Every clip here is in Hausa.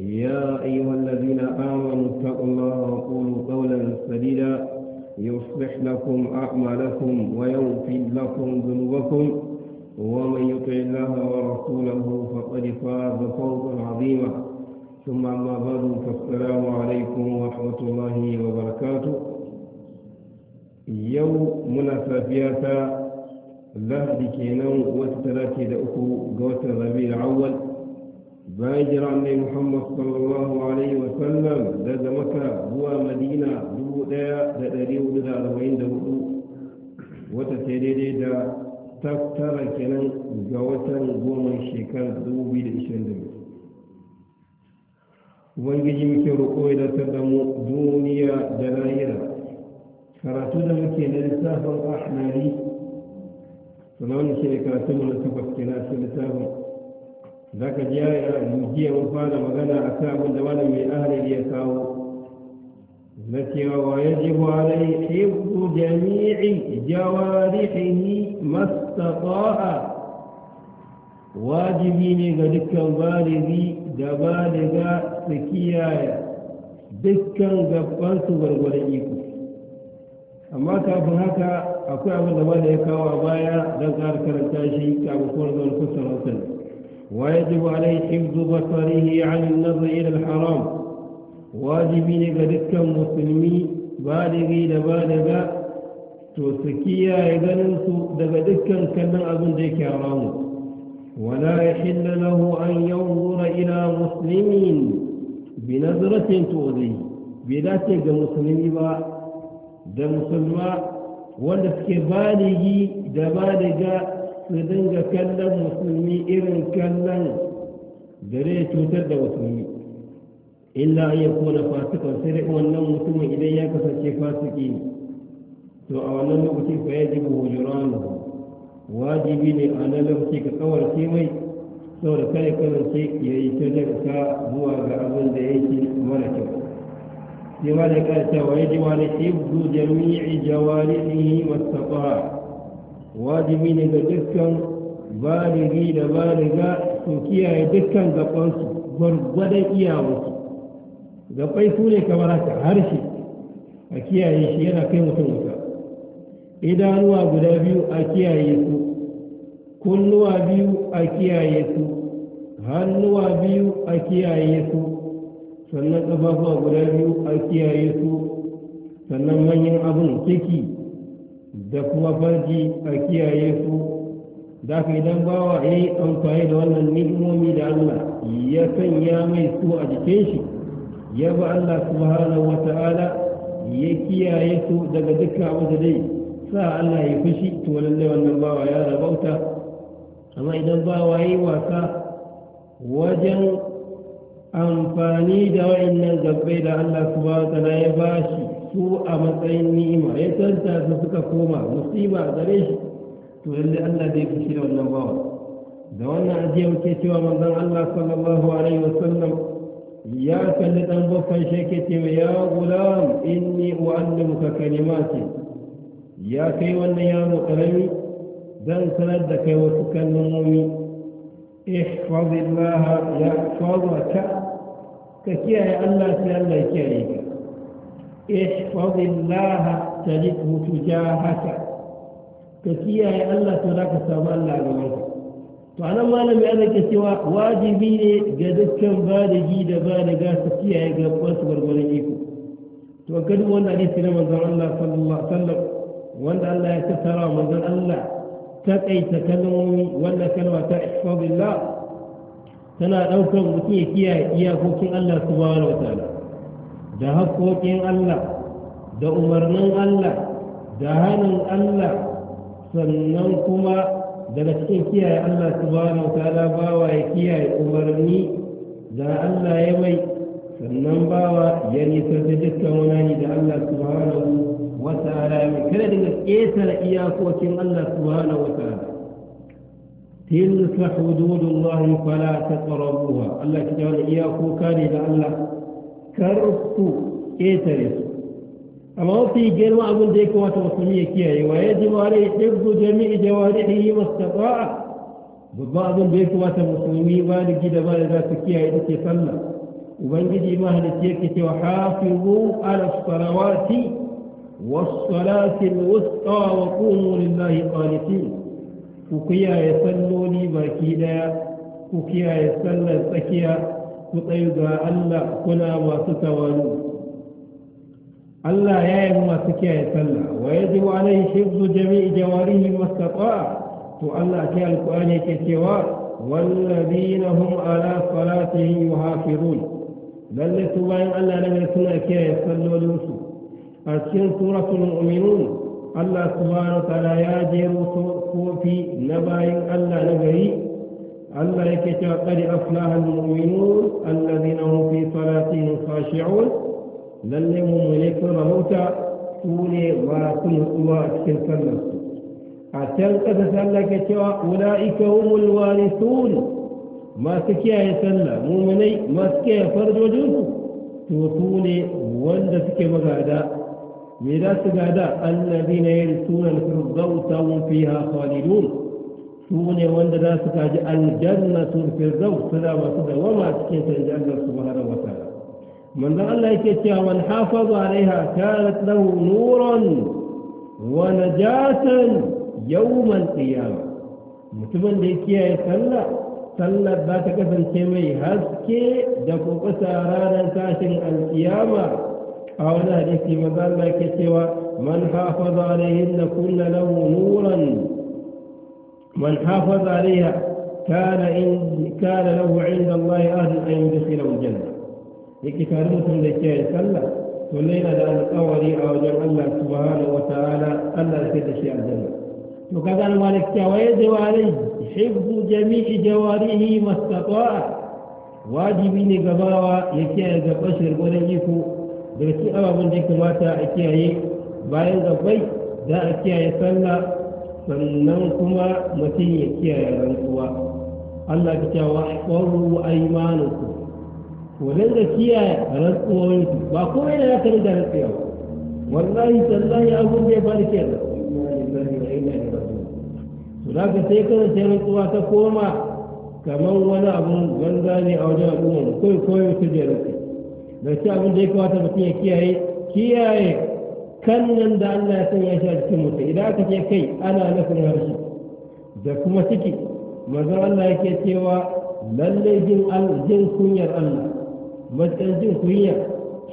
يا أيها الذين آمنوا اتقوا الله وقولوا قولا سديدا يصلح لكم أعمالكم ويغفر لكم ذنوبكم ومن يطع الله ورسوله فقد فاز فوزا عظيما ثم أما بعد فالسلام عليكم ورحمة الله وبركاته يوم منافيات لهدي كينو وتتلاتي لأكو غوث الربيع الأول bayan jira annai muhammad sallallahu alaihi wa sallam daga maka zuwa madina dubu daya da dari hudu da arba'in da hudu wata ta daidai da tattara kenan ga watan goma shekarar dubu biyu da ishirin da biyu ubangiji muke roƙo ya datar da mu duniya da lahira karatu da muke na littafin ahmari sana'ar shi ne karatu mu na tabbas kenan shi littafin Zaka ka ji jiya mun fara magana a kan abin da malam mai ahalari ya kawo na cewa wa ya ji walai jami'i jawarihihi mastata'a wajibi ne ga dukkan baligi da baliga su kiyaye dukkan gabansu gwargwadon iko amma kafin haka akwai abin da ya kawo a baya don karanta shi kafin kuma zuwa kusa wasan ويجب عليه حفظ بصره عن النظر إلى الحرام واجبين قدك مسلمي بالغي لبالغ توسكيا يغنن دقدك كلن أبن ديك حرام ولا يحل له أن ينظر إلى مسلمين بنظرة تؤذي بذات مسلمي با da musulma wanda suke baligi da baliga su dinga kallon musulmi irin kallon da zai cutar da musulmi illa ya kona fasikan sai wannan mutumin idan ya kasance fasiki ne to a wannan lokaci fa ya ji hujuranu wajibi ne a nan lokaci ka kawarce mai saboda kare kasance ya yi ta zuwa ga abin da yake mara kyau لماذا قال ويجب على حفظ جميع جوارحه ما استطاع wajibi ne ga dukkan baligi da baliga su kiyaye dukkan gabansu gwargwadon iyawarsu gabai su ne kamar haka harshe a kiyaye shi yana kai mutum wuta idanuwa guda biyu a kiyaye su kunnuwa biyu a kiyaye su hannuwa biyu a kiyaye su sannan ƙafafuwa guda biyu a kiyaye su sannan manyan abin kiki da kuma farji a kiyaye su da ka idan bawa ya yi amfani da wannan ni'imomi da Allah ya sanya mai su a jikin shi ya ba Allah subhanahu wata'ala ya kiyaye su daga dukkan abu da dai sa Allah ya fushi to lallai wannan bawa ya rabauta amma idan bawa ya yi wasa wajen amfani da wa'annan gabbai da Allah subhanahu wata'ala ya bashi ko a matsayin ni'ima ya canta su suka koma musiba gare shi to lalle Allah zai fushi da wannan bawa da wannan ajiya muke cewa manzon Allah sallallahu alaihi wa sallam ya kalli dan baffan shi yake cewa ya gulam inni uallimuka kalimati ya kai wannan yaro karami zan sanar da kai wasu kalmomi ihfazillaha yahfazuka ka kiyaye Allah sai Allah ya kiyaye ka احفظ الله تجده تجاهك كتيا يا الله تراك سوى الله بمنك فأنا ما لم يأذك سوى واجبين قد كان بالجي دبالغا تكيا يا قبوس والبرجيكو وقد وانا ليس لمن الله صلى الله عليه وسلم وانا الله يتسرى من الله تقي تكلمي ولا كلمة احفظ الله تنا لو كان متي كيا يا فوكي الله سبحانه وتعالى da haƙoƙin Allah da umarnin Allah da hannun Allah sannan kuma daga cikin kiyaye Allah subhanahu ta'ala bawa ya kiyaye umarni da Allah ya mai sannan bawa ya nisan da dukkan wani da Allah subhanahu wa ta'ala ya mai kada daga ƙetare iyakokin Allah subhanahu wa ta'ala تلك حدود الله فلا ya الله كتاب إياكو كان إذا الله kar ku ƙetare su mafi girma abin da ya kamata musulmi ya kiyaye wa ya ji mare ya ɗabbu jami'i da wani ɗin yi mastaɓa'a babban abin da ya kamata musulmi ba da gida ba da za su kiyaye da ke sallah ubangiji ma halitta yake cewa hafizu ala salawati والصلاة الوسطى وقوموا لله قانتين ku kiyaye salloli baki daya ku kiyaye sallar tsakiya ku tsayu ga Allah kuna masu tawalu Allah ya yi masu kiyaye sallah wa yajibu alaihi hifzu jami'i jawarihi mastata'a to Allah ke alƙur'ani yake cewa na hum ala salatihim yuhafizun lalle su bayan Allah ne suna kiyaye sallolinsu a cikin suratul mu'minun Allah subhanahu wa ta'ala ya jero kofi na bayan Allah na gari الملائكة قد أفلاه المؤمنون الذين هم في صلاتهم خاشعون للم ملك الموتى سولي وكل قوى تلك النفس أتلقى تسلك أولئك هم الوارثون ما يا آية يسلى مؤمني ما تكيا فرج وجوه توتوني وندتك مغادا ميراث غادا الذين يرثون الفردوس وهم فيها خالدون su ne wanda za su gaji aljannatul firdaus suna masu dawama cikin ta inji Allah subhanahu wa ta'ala manzon Allah yake cewa man hafaza alaiha kanat lahu nuran wa najatan yawmal qiyamah mutumin da ya kiyaye sallah sallar za ta kasance mai haske da kokusa ranar tashin alkiyama a wani hadisi maza Allah yake cewa man hafaza alaihin da kunna lahu nuran من حافظ عليها كان إن كان له عند الله أهل أن يدخله الجنة yake tare mutum da kiyaye sallah to yana da alƙawari a wajen Allah subhanahu wa ta'ala Allah ya da shi aljanna to kaga al malik kiyaye jawari hifzu jami'i jawarihi mastata'a wajibi ne gabawa ya kiyaye gaban shirgwanin iko daga cikin ababen da ya kamata a kiyaye bayan gabbai da a kiyaye sallah sannan kuma mutum ya kiyaye rantsuwa Allah ya ce wa ƙwaru aymanukum ku dinga kiyaye rantsuwoyinku ba ko komai da zaka dinga rantsuwa wallahi tallahi abun da ya faru kenan to za ka sai ka sai rantsuwa ta koma kamar wani abu banza ne a wajen al'umma kawai kawai ta jerin da shi abin da ya kawata mutum ya kiyaye kiyaye kan nan da Allah ya sanya shi a cikin mutum idan aka ce kai ana nufin harshe da kuma ciki mazan Allah yake cewa lallai jin kunyar Allah matsayin jin kunya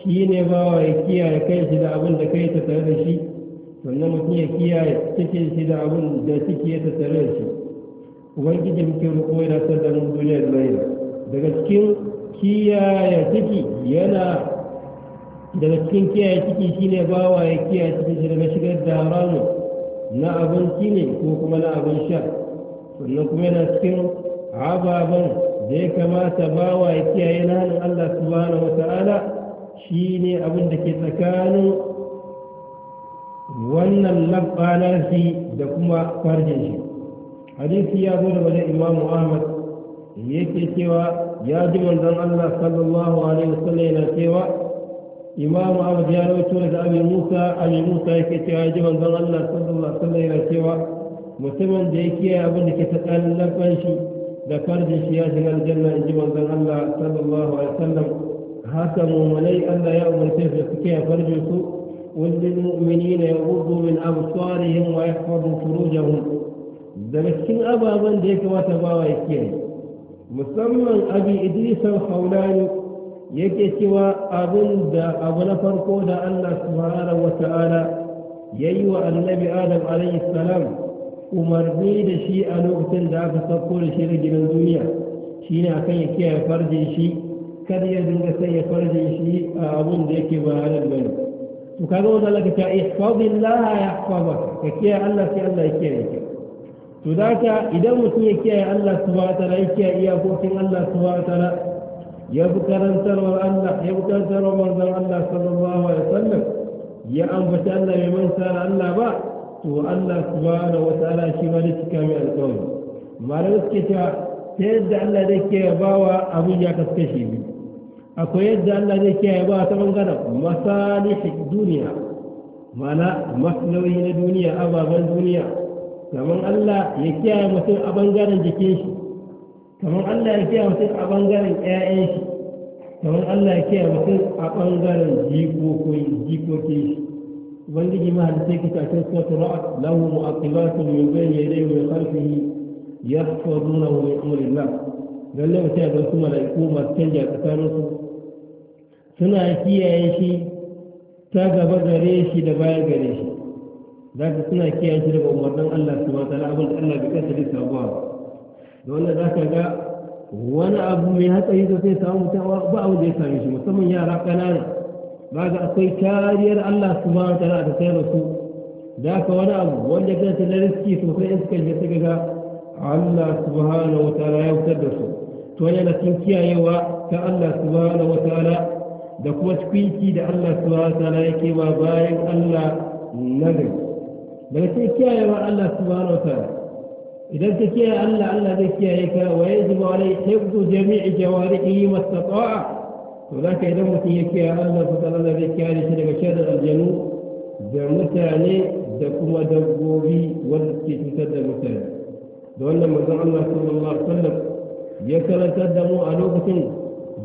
shi ne bawa ya kiyaye kai shi da abin da kai ta tare da shi sannan mutum ya kiyaye cikin shi da abin da ciki ya ta tare da shi ubangiji muke roƙo ya da mu duniya da daga cikin kiyaye ciki yana daga cikin kiyaye ciki shine wa ya kiyaye ciki shi daga shigar da haramu na abinci ne ko kuma na abin sha sannan kuma yana cikin ababen da ya kamata wa ya kiyaye na hannun Allah subhanahu wata'ala shine abin da ke tsakanin wannan labbanar shi da kuma farjin shi hadisi ya zo da wajen imamu ahmad yake cewa ya ji manzon Allah sallallahu alaihi wasallam yana cewa imam ahmad ya rawaito da abin musa Abin musa yake cewa ya ji allah sallallahu alaihi wasallam cewa mutumin da ya kiyaye abin da ke tsakanin shi da farjin shi ya shiga aljanna in ji manzon allah sallallahu alaihi wasallam haka mumunai allah ya umarce su su kiyaye farjin su وللمؤمنين يغضوا من أبصارهم ويحفظوا فروجهم دمشكين أبا من ديك وتباوى يكين مسمى أبي إدريس الخولاني yake cewa abin da abu na farko da Allah subhanahu ya yi wa annabi Adam alayhi salam umarni da shi a lokacin da aka sauko da shi da gidan duniya shi ne akan ya kiyaye farjin shi kada ya dinga sai ya farjin shi a abin da yake ba halal bane to kaga wannan Allah ta ya yahfazaka ka kiyaye Allah sai Allah ya kiyaye ka to da idan mutum ya kiyaye Allah subhanahu wata'ala ya kiyaye iyakokin Allah subhanahu wata'ala ya fi karantarwar Allah ya fi karantarwar manzon Allah sallallahu alaihi wasallam ya ambaci Allah mai mansa Allah ba to Allah subhanahu wa ta'ala shi ma ne cika mai alƙawari malam suke cewa ta yadda Allah zai ke bawa abin ya kaskashe biyu akwai yadda Allah zai kiyaye ba ta bangaren masalihin duniya mana maslawi na duniya ababen duniya kamar Allah ya kiyaye mutum a bangaren jikin shi kamar Allah ya kiyaye mutum a bangaren ƴaƴan shi kamar Allah ya kiyaye mutum a bangaren jikokoyi jikoki shi ubangiji ma hadisai kita ta sura ra'a lahu mu'aqibatun min bayni yadayhi wa min khalfihi yahfazunahu min amrillah lalle mutum da su mala'iku masu canja tsakaninsu suna kiyaye shi ta gaba gare shi da bayan gare shi za ka suna kiyaye shi daga umarnin Allah su ba ta abin da Allah bai kasa da sabuwa da za ka ga wani abu mai hatsari da zai samu mutum ba abu da ya same shi musamman yara ƙanana ba ga akwai kariyar Allah su ba ta da sai da su da ka wani abu wanda ya ta da riski sosai in suka je suka ga Allah subhanahu wa ta'ala ya fitar da su to yana cikin kiyayewa ta Allah subhanahu wa ta'ala da kuma cikin da Allah subhanahu wa ta'ala yake ba bayan Allah nagari daga cikin kiyayewa Allah subhanahu wa ta'ala idan ka kiyaye Allah Allah zai kiyaye ka wa yajibu alai hifzu jami'i jawarihi mastata'a to zaka idan mutum ya kiyaye Allah to Allah zai kiyaye shi daga sharrin aljanu da mutane da kuma dabbobi wanda suke cutar da mutane da wannan manzon Allah sallallahu alaihi wasallam ya karantar da mu a lokacin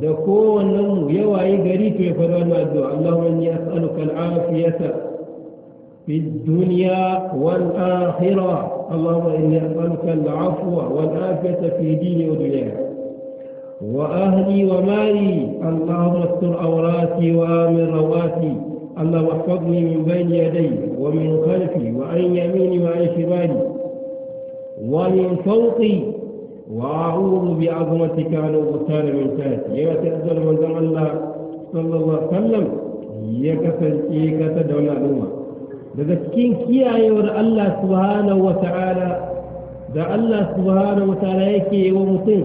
da kowannen mu ya wayi gari to ya faɗa wannan addu'a Allahumma inni as'aluka al في الدنيا والآخرة اللهم إني أسألك العفو والآفية في ديني ودنياي وأهلي ومالي اللهم استر عوراتي وآمن رواتي اللهم احفظني من بين يدي ومن خلفي وعن يميني وعن شمالي ومن فوقي وأعوذ بعظمتك أن أغتال من تاتي يا تأذن من الله صلى الله عليه وسلم يكفل إيكة دون الله daga cikin kiyayewar Allah subhanahu wa ta'ala da Allah subhanahu wa ta'ala yake yi wa mutum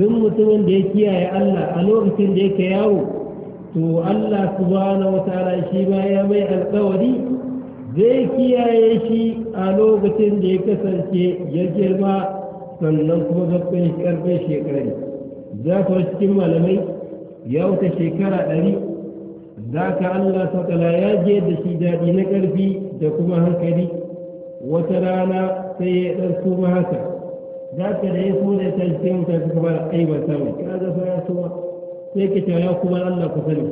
duk mutumin da ya kiyaye Allah a lokacin da yake yawo to Allah subhanahu wa ta'ala shi ma ya mai alƙawari zai kiyaye shi a lokacin da ya kasance ya girma sannan kuma zafin shi ƙarfe za ku cikin malamai ya wuta shekara ɗari za ka Allah sakala ya je da shi daɗi na ƙarfi da kuma hankali wata rana sai ya ɗan suma haka za ka da ya so da ya tashi sai mutane suka fara aibata mai kira da fara suma sai ka ce ya kuma Allah ku sani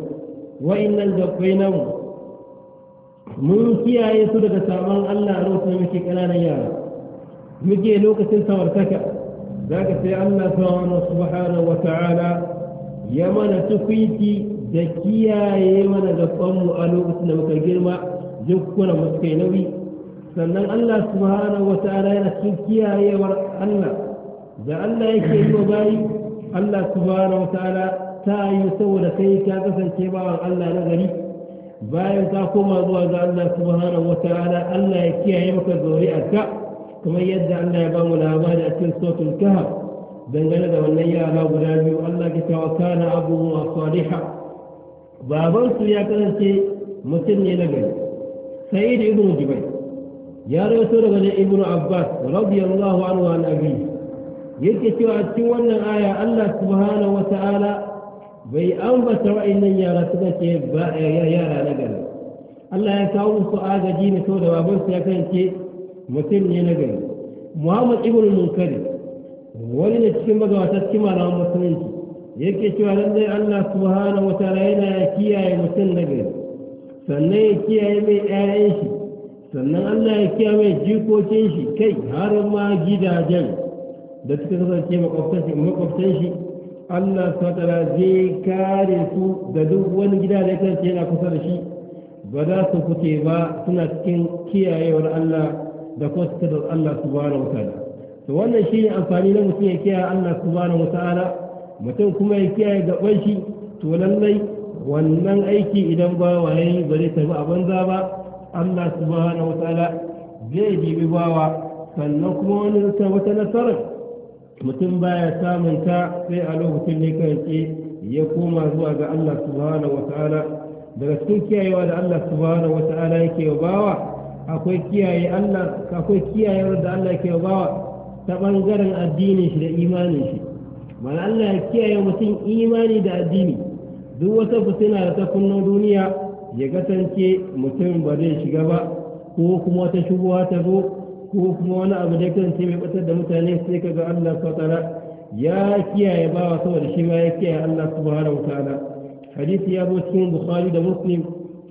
wa'innan gabbai namu mun kiyaye su daga saman Allah a lokacin muke ƙananan yara muke lokacin samartaka za ka sai Allah subhanahu wa ta'ala ya mana tukwiti da kiyaye mana gabanmu a lokacin da muka girma jikkunan mu kai nauyi sannan Allah subhanahu wata'ala yana cikin kiyayewar Allah da Allah yake yi wa bayi Allah subhanahu wata'ala ta yi saboda kai ka kasance bawan Allah na gari bayan ka koma zuwa ga Allah subhanahu wata'ala Allah ya kiyaye maka zuri'arka kamar yadda Allah ya bamu mu labari a cikin sautul kahf dangane da wannan yara guda biyu Allah ya tawakkala abu wa salihah babansu ya kasance mutum ne na gari sai da ibn jubai ya rawaito daga ne ibnu abbas radiyallahu anhu an abi yake cewa a cikin wannan aya Allah subhanahu wa ta'ala bai ambata wa'annan yara suka ce ba yara na gari Allah ya kawo musu agaji ne saboda babansu ya kasance mutum ne na gari Muhammad ibn Munkari wani ne cikin magawata cikin malaman musulunci yake cewa lallai Allah subhanahu wa ta'ala yana kiyaye mutum na gari sannan ya kiyaye mai ƴaƴan shi sannan Allah ya kiyaye mai jikokin shi kai har ma gidajen da suka kasance makwabtan shi Allah subhanahu wa zai kare su da duk wani gida da kasance yana kusa da shi ba za su fice ba suna cikin kiyayewar Allah da kuma suka Allah subhanahu wa ta'ala to wannan shine amfani na mutum ya kiyaye Allah subhanahu wa ta'ala mutum kuma ya kiyaye gaban shi to lallai wannan aiki idan ba ya yi zai tafi a banza ba Allah subhanahu wataala zai dibi bawa sannan kuma wani wata nasarar mutum baya samun ta sai a lokacin ne kanke ya koma zuwa ga Allah subhanahu wataala daga cikin kiyayewa da Allah subhanahu wataala yake bawa akwai kiyaye Allah akwai kiyayewar da Allah yake bawa ta bangaren addinin shi da imanin shi mana Allah ya kiyaye mutum imani da addini duk wata fitina da ta kunna duniya ya kasance mutum ba zai shiga ba ko kuma wata shubuwa ta zo ko kuma wani abu da ce mai batar da mutane sai ka ga Allah fatara ya kiyaye bawa saboda shi ma ya kiyaye Allah subhanahu wuta ta'ala hadisi ya zo cikin bukhari da muslim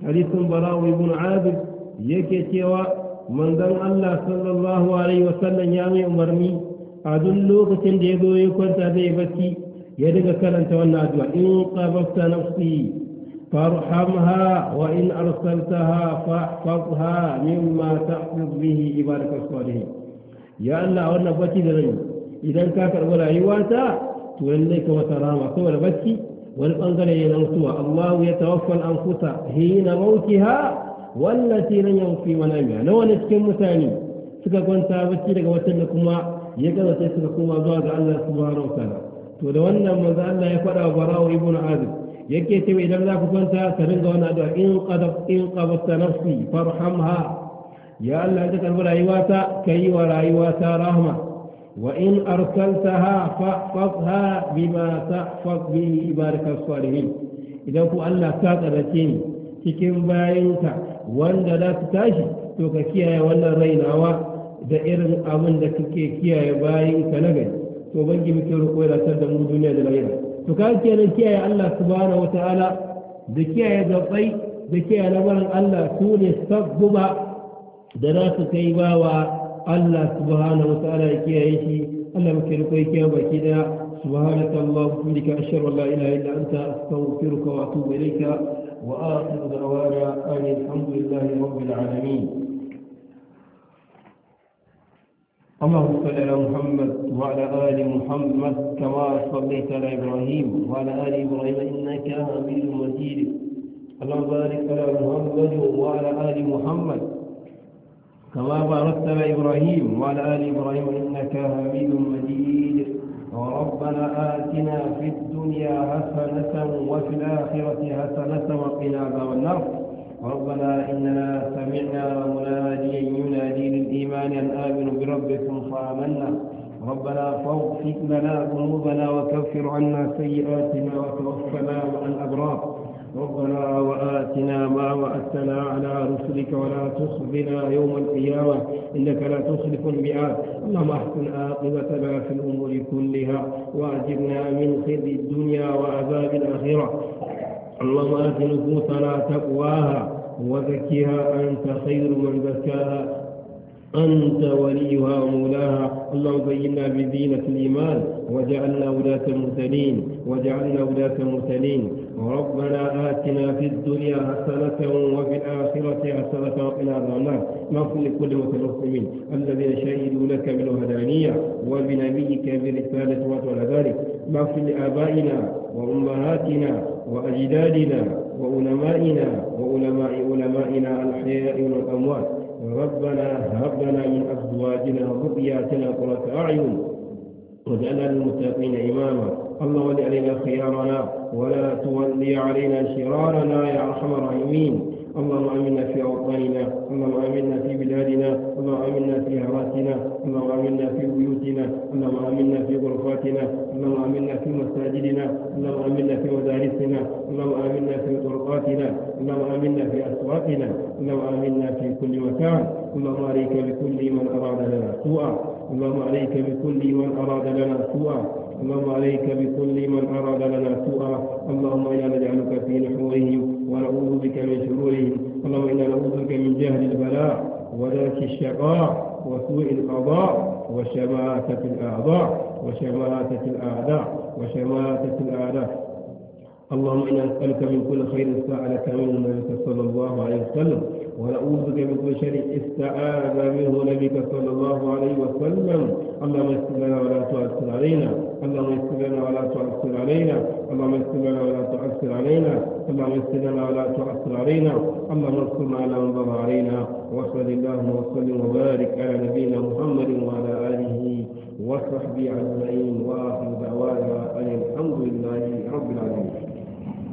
hadisin bara'u ibn azib yake cewa manzon Allah sallallahu alaihi wasallam ya mai umarni a duk lokacin da ya zo ya kwanta zai bacci ya daga karanta wannan addu'a in qabafta nafsi farhamha wa in arsaltaha fahfazha mimma tahfuz bihi ibadaka salihin ya Allah wannan bacci da rai idan ka karɓi rayuwata to lallai ka wata rama saboda bacci wani bangare ne na mutuwa Allah ya tawaffal anfusa hina mautiha wallati lam yawfi manamiha na wani cikin mutane suka kwanta bacci daga wata da kuma ya gaza sai suka koma zuwa ga Allah subhanahu wa ta'ala to da wannan manzo Allah ya fada barawo ibn azib yake cewa idan za ku kwanta ka ringa wannan addu'a in qadab in qabta nafsi farhamha ya Allah ka karbi rayuwata kai wa rayuwata rahma wa in arsaltaha fahfazha bima tahfaz bihi ibadaka salihin idan ku Allah ka tsarace ni cikin bayinka wanda za su tashi to ka kiyaye wannan rainawa da irin abin da kake kiyaye bayan ka na gari to bangi muke roƙo ya da mu duniya da lahira to ka kenan kiyaye Allah subhanahu wataala da kiyaye gabbai da kiyaye lamarin Allah su ne sabbuba da za su kai bawa Allah subhanahu wataala ya kiyaye shi Allah muke roƙo ya kiyaye baki daya سبحانك اللهم وبحمدك أشهد أن لا إله إلا أنت أستغفرك وأتوب إليك وآخر دعوانا أن الحمد لله رب العالمين اللهم صل على محمد وعلى آل محمد كما صليت على إبراهيم وعلى آل إبراهيم إنك حميد مجيد اللهم بارك على محمد وعلى آل محمد كما باركت على إبراهيم وعلى آل إبراهيم إنك حميد مجيد وربنا آتنا في الدنيا حسنة وفي الآخرة حسنة وقنا عذاب النار ربنا إننا سمعنا مناديا ينادي للإيمان أن آمنوا بربكم فآمنا ربنا فاغفر لنا ذنوبنا وكفر عنا سيئاتنا وتوفنا مع الأبرار ربنا وآتنا ما وأتنا على رسلك ولا تخزنا يوم القيامة إنك لا تخلف الميعاد اللهم أحسن عاقبتنا في الأمور كلها وأجرنا من خزي الدنيا وعذاب الآخرة اللهم آت نفوسنا تقواها وزكها أنت خير من زكاها أنت وليها ومولاها اللهم زينا بزينة الإيمان وجعلنا ولاة المرسلين وجعلنا ولاة المرسلين ربنا آتنا في الدنيا حسنة وفي الآخرة حسنة وقنا عذاب النار نغفر لكل متلصمين الذين شهدوا لك بالوهدانية وبنبيك برسالة وأطول ذلك نغفر لآبائنا وأمهاتنا وأجدادنا وعلمائنا وعلماء علمائنا الأحياء والأموات ربنا هب لنا من أزواجنا وذرياتنا قرة أعين واجعلنا للمتقين إماما اللهم ول علينا خيارنا ولا تولي علينا شرارنا يا أرحم الراحمين اللهم امنا في اوطاننا اللهم امنا في بلادنا اللهم امنا في هواتنا اللهم امنا في بيوتنا اللهم امنا في غرفاتنا اللهم امنا في مساجدنا اللهم امنا في مدارسنا اللهم امنا في طرقاتنا اللهم امنا في اسواقنا اللهم امنا في كل مكان اللهم عليك بكل من اراد لنا سوءا اللهم عليك بكل من أراد لنا سوءا اللهم عليك بكل من أراد لنا سوءا اللهم إنا نجعلك في نحورهم ونعوذ بك من شرورهم اللهم إنا نعوذ بك من جهل البلاء ودرك الشقاء وسوء القضاء وشماتة الأعضاء وشماتة الأعداء وشماتة الأعداء اللهم إنا نسألك من كل خير سألك منه النبي صلى الله عليه وسلم ونعوذ بك من كل شر استعاذ منه نبيك صلى الله عليه وسلم اللهم استر لنا ولا تؤثر علينا اللهم استر لنا ولا تؤثر علينا اللهم استر لنا ولا تؤثر علينا اللهم استر لنا ولا تؤثر علينا اللهم انصرنا على من ضل علينا وصل اللهم وسلم وبارك على نبينا محمد وعلى اله وصحبه اجمعين واخر دعوانا ان الحمد لله رب العالمين